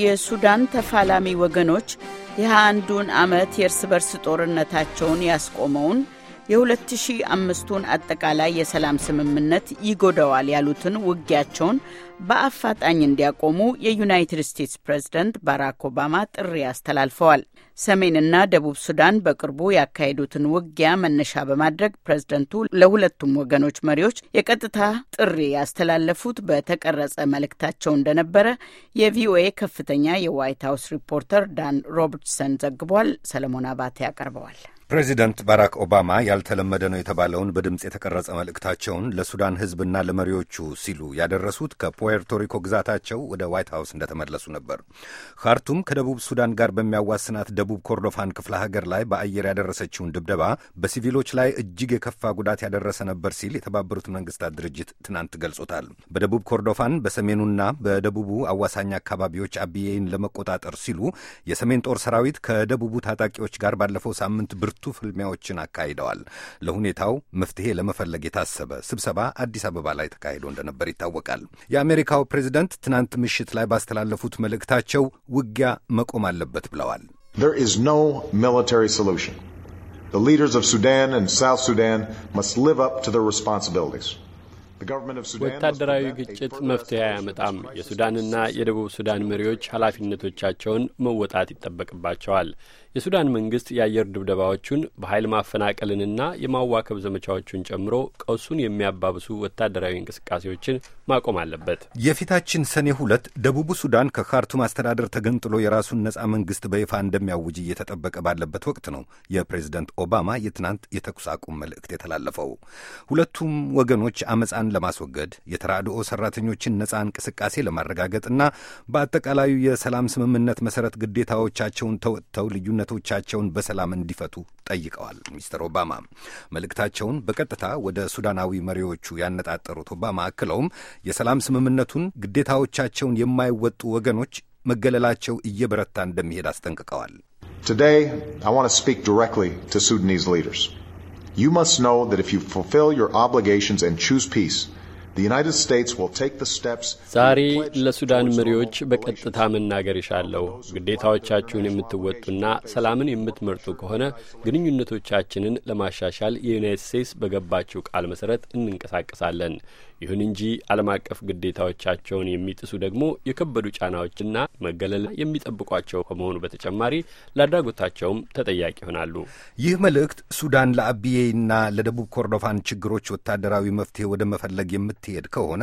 የሱዳን ተፋላሚ ወገኖች የ21ዱን ዓመት የእርስ በርስ ጦርነታቸውን ያስቆመውን የ2005ቱን አጠቃላይ የሰላም ስምምነት ይጎደዋል ያሉትን ውጊያቸውን በአፋጣኝ እንዲያቆሙ የዩናይትድ ስቴትስ ፕሬዝደንት ባራክ ኦባማ ጥሪ አስተላልፈዋል። ሰሜንና ደቡብ ሱዳን በቅርቡ ያካሄዱትን ውጊያ መነሻ በማድረግ ፕሬዝደንቱ ለሁለቱም ወገኖች መሪዎች የቀጥታ ጥሪ ያስተላለፉት በተቀረጸ መልእክታቸው እንደነበረ የቪኦኤ ከፍተኛ የዋይት ሀውስ ሪፖርተር ዳን ሮበርትሰን ዘግቧል። ሰለሞን አባተ ያቀርበዋል። ፕሬዚደንት ባራክ ኦባማ ያልተለመደ ነው የተባለውን በድምፅ የተቀረጸ መልእክታቸውን ለሱዳን ሕዝብና ለመሪዎቹ ሲሉ ያደረሱት ከፖርቶሪኮ ግዛታቸው ወደ ዋይት ሀውስ እንደተመለሱ ነበር። ካርቱም ከደቡብ ሱዳን ጋር በሚያዋስናት ደቡብ ኮርዶፋን ክፍለ ሀገር ላይ በአየር ያደረሰችውን ድብደባ በሲቪሎች ላይ እጅግ የከፋ ጉዳት ያደረሰ ነበር ሲል የተባበሩት መንግስታት ድርጅት ትናንት ገልጾታል። በደቡብ ኮርዶፋን በሰሜኑና በደቡቡ አዋሳኝ አካባቢዎች አብዬን ለመቆጣጠር ሲሉ የሰሜን ጦር ሰራዊት ከደቡቡ ታጣቂዎች ጋር ባለፈው ሳምንት ብርቱ ፍልሚያዎችን አካሂደዋል። ለሁኔታው መፍትሄ ለመፈለግ የታሰበ ስብሰባ አዲስ አበባ ላይ ተካሂዶ እንደነበር ይታወቃል። የአሜሪካው ፕሬዚደንት ትናንት ምሽት ላይ ባስተላለፉት መልእክታቸው ውጊያ መቆም አለበት ብለዋል። There is no military solution. The leaders of Sudan and South Sudan must live up to their responsibilities. ወታደራዊ ግጭት መፍትሄ አያመጣም። የሱዳንና የደቡብ ሱዳን መሪዎች ኃላፊነቶቻቸውን መወጣት ይጠበቅባቸዋል። የሱዳን መንግስት የአየር ድብደባዎቹን በኃይል ማፈናቀልንና የማዋከብ ዘመቻዎቹን ጨምሮ ቀውሱን የሚያባብሱ ወታደራዊ እንቅስቃሴዎችን ማቆም አለበት። የፊታችን ሰኔ ሁለት ደቡቡ ሱዳን ከካርቱም አስተዳደር ተገንጥሎ የራሱን ነጻ መንግስት በይፋ እንደሚያውጅ እየተጠበቀ ባለበት ወቅት ነው የፕሬዝደንት ኦባማ የትናንት የተኩስ አቁም መልእክት የተላለፈው። ሁለቱም ወገኖች አመፃን ለማስወገድ የተራድኦ ሰራተኞችን ነጻ እንቅስቃሴ ለማረጋገጥና በአጠቃላዩ የሰላም ስምምነት መሰረት ግዴታዎቻቸውን ተወጥተው ልዩነት ልዩነቶቻቸውን በሰላም እንዲፈቱ ጠይቀዋል። ሚስተር ኦባማ መልእክታቸውን በቀጥታ ወደ ሱዳናዊ መሪዎቹ ያነጣጠሩት ኦባማ አክለውም የሰላም ስምምነቱን ግዴታዎቻቸውን የማይወጡ ወገኖች መገለላቸው እየበረታ እንደሚሄድ አስጠንቅቀዋል። Today, I want to speak directly to Sudanese leaders. You must know that if you fulfill your obligations and choose peace, ዛሬ ለሱዳን መሪዎች በቀጥታ መናገር ይሻለሁ። ግዴታዎቻችሁን የምትወጡና ሰላምን የምትመርጡ ከሆነ ግንኙነቶቻችንን ለማሻሻል የዩናይትድ ስቴትስ በገባችው ቃል መሰረት እንንቀሳቀሳለን። ይሁን እንጂ ዓለም አቀፍ ግዴታዎቻቸውን የሚጥሱ ደግሞ የከበዱ ጫናዎችና መገለል የሚጠብቋቸው ከመሆኑ በተጨማሪ ለአድራጎታቸውም ተጠያቂ ይሆናሉ። ይህ መልእክት ሱዳን ለአብዬና ለደቡብ ኮርዶፋን ችግሮች ወታደራዊ መፍትሄ ወደ መፈለግ የምት የማትሄድ ከሆነ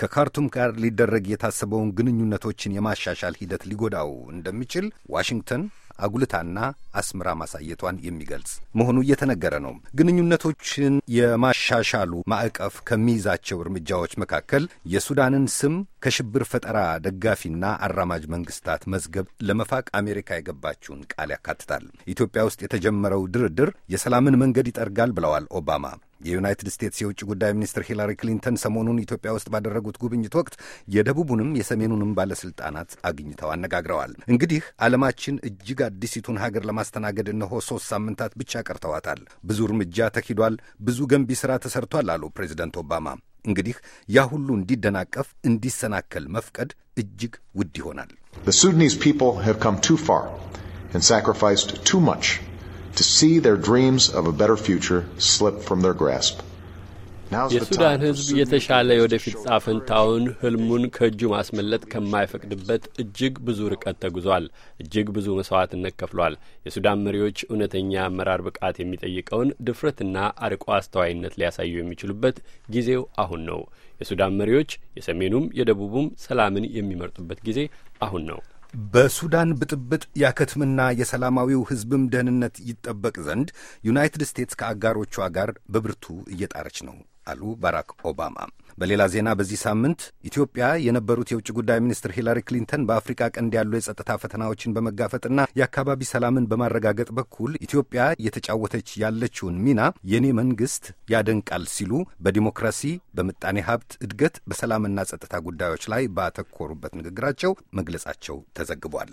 ከካርቱም ጋር ሊደረግ የታሰበውን ግንኙነቶችን የማሻሻል ሂደት ሊጎዳው እንደሚችል ዋሽንግተን አጉልታና አስምራ ማሳየቷን የሚገልጽ መሆኑ እየተነገረ ነው። ግንኙነቶችን የማሻሻሉ ማዕቀፍ ከሚይዛቸው እርምጃዎች መካከል የሱዳንን ስም ከሽብር ፈጠራ ደጋፊና አራማጅ መንግስታት መዝገብ ለመፋቅ አሜሪካ የገባችውን ቃል ያካትታል። ኢትዮጵያ ውስጥ የተጀመረው ድርድር የሰላምን መንገድ ይጠርጋል ብለዋል ኦባማ። የዩናይትድ ስቴትስ የውጭ ጉዳይ ሚኒስትር ሂላሪ ክሊንተን ሰሞኑን ኢትዮጵያ ውስጥ ባደረጉት ጉብኝት ወቅት የደቡቡንም የሰሜኑንም ባለስልጣናት አግኝተው አነጋግረዋል። እንግዲህ ዓለማችን እጅግ አዲሲቱን ሀገር ለማስተናገድ እነሆ ሶስት ሳምንታት ብቻ ቀርተዋታል። ብዙ እርምጃ ተኪዷል፣ ብዙ ገንቢ ስራ ተሰርቷል አሉ ፕሬዚደንት ኦባማ። እንግዲህ ያ ሁሉ እንዲደናቀፍ እንዲሰናከል መፍቀድ እጅግ ውድ ይሆናል። The Sudanese people have come too far and sacrificed too much. የሱዳን ሕዝብ የተሻለ የወደፊት ጻፍንታውን ህልሙን ከእጁ ማስመለጥ ከማይፈቅድበት እጅግ ብዙ ርቀት ተጉዟል። እጅግ ብዙ መስዋዕትነት ከፍሏል። የሱዳን መሪዎች እውነተኛ አመራር ብቃት የሚጠይቀውን ድፍረትና አርቆ አስተዋይነት ሊያሳዩ የሚችሉበት ጊዜው አሁን ነው። የሱዳን መሪዎች የሰሜኑም የደቡቡም ሰላምን የሚመርጡበት ጊዜ አሁን ነው። በሱዳን ብጥብጥ ያከትምና የሰላማዊው ሕዝብም ደህንነት ይጠበቅ ዘንድ ዩናይትድ ስቴትስ ከአጋሮቿ ጋር በብርቱ እየጣረች ነው። አሉ ባራክ ኦባማ። በሌላ ዜና በዚህ ሳምንት ኢትዮጵያ የነበሩት የውጭ ጉዳይ ሚኒስትር ሂላሪ ክሊንተን በአፍሪካ ቀንድ ያሉ የጸጥታ ፈተናዎችን በመጋፈጥና የአካባቢ ሰላምን በማረጋገጥ በኩል ኢትዮጵያ እየተጫወተች ያለችውን ሚና የኔ መንግስት ያደንቃል ሲሉ በዲሞክራሲ በምጣኔ ሀብት እድገት፣ በሰላምና ጸጥታ ጉዳዮች ላይ ባተኮሩበት ንግግራቸው መግለጻቸው ተዘግቧል።